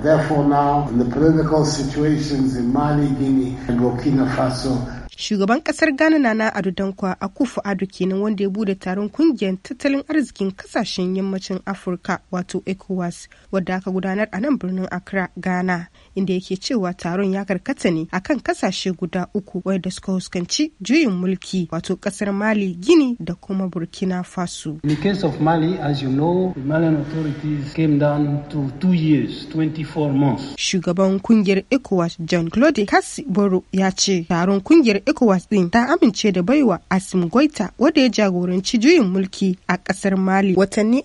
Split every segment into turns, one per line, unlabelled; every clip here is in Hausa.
Therefore, now in the political situations in Mali, Guinea, and Burkina Faso,
shugaban kasar ghana nana ado dankwa kufu ado kenan wanda ya bude taron kungiyar tattalin arzikin kasashen yammacin afirka wato ecowas wadda aka gudanar a nan birnin accra ghana inda yake cewa taron ya karkata ne akan kasashe guda uku wadda suka huskanci juyin mulki wato kasar mali gini da kuma burkina faso in the case of mali as you know the malian authorities came down to two years 24 months shugaban kungiyar ecowas john claude kasi boro ya ce taron kungiyar ECOWAS ɗin ta amince da baiwa Asim Goita wanda ya jagoranci juyin mulki a ƙasar Mali watanni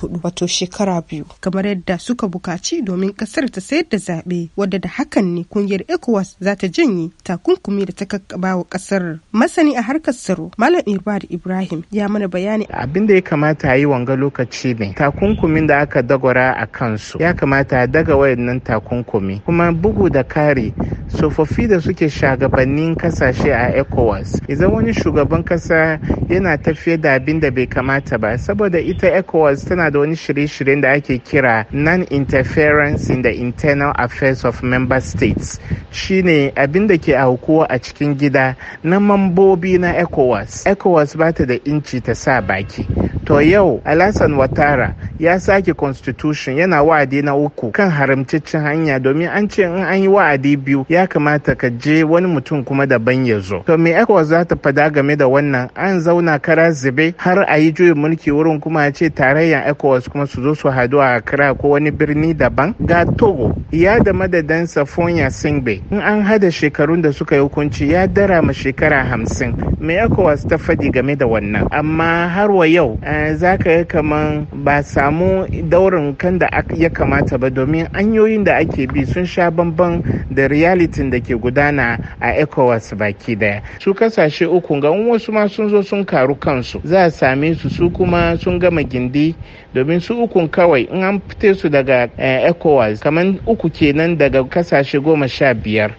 hudu wato shekara biyu kamar yadda suka bukaci domin ƙasar ta sayar da zaɓe wadda da hakan ne kungiyar ECOWAS za ta janye takunkumi da ta kakkaba ƙasar. Masani a harkar tsaro Malam Ibad Ibrahim ya mana bayani. Abin da ya
kamata a yi wanga lokaci ne takunkumin da aka dagwara a kansu ya kamata a daga wayannan takunkumi kuma bugu da kare tsofaffi da suke shagabannin kasashe kasashe a ecowas idan wani shugaban kasa yana tafiye da abin da bai kamata ba saboda ita ecowas tana da wani shirye-shiryen da ake kira non-interference in the internal affairs of member states shine abin da ke aukuwa a cikin gida na mambobi na ecowas ecowas ba ta da inci ta sa baki to yau alasan watara ya sake constitution yana wa'adi na uku kan haramtaccen hanya domin an ce in an yi wa'adi biyu ya kamata ka je wani mutum kuma daban ya zo to me ecowas za ta fada game da wannan an zauna kara zube har a yi juyin mulki wurin kuma a ce tarayyar ecowas kuma su zo su hadu a kira ko wani birni daban ga togo ya da madadin safonya singbe in an hada shekarun da suka yi hukunci ya dara ma shekara hamsin me ecowas ta faɗi game da wannan amma har wa yau Eh, za ka yi kamar ba samu daurin kan da ya kamata ba domin hanyoyin da ake bi sun sha bamban da realitin da ke gudana a ecowas baki daya su kasashe uku ga wasu ma sun zo sun karu kansu za a same su su kuma sun gama gindi domin su uku kawai in an fite su daga eh, ecowas kamar uku kenan daga kasashe goma sha biyar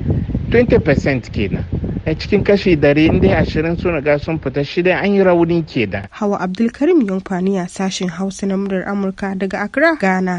20% kenan a cikin kashi dare inda ashirin sun riga sun fita shida an yi raunin ke da.
Hawa Abdulkarim Yunfaniya sashin Hausa na murar Amurka daga Accra, Ghana.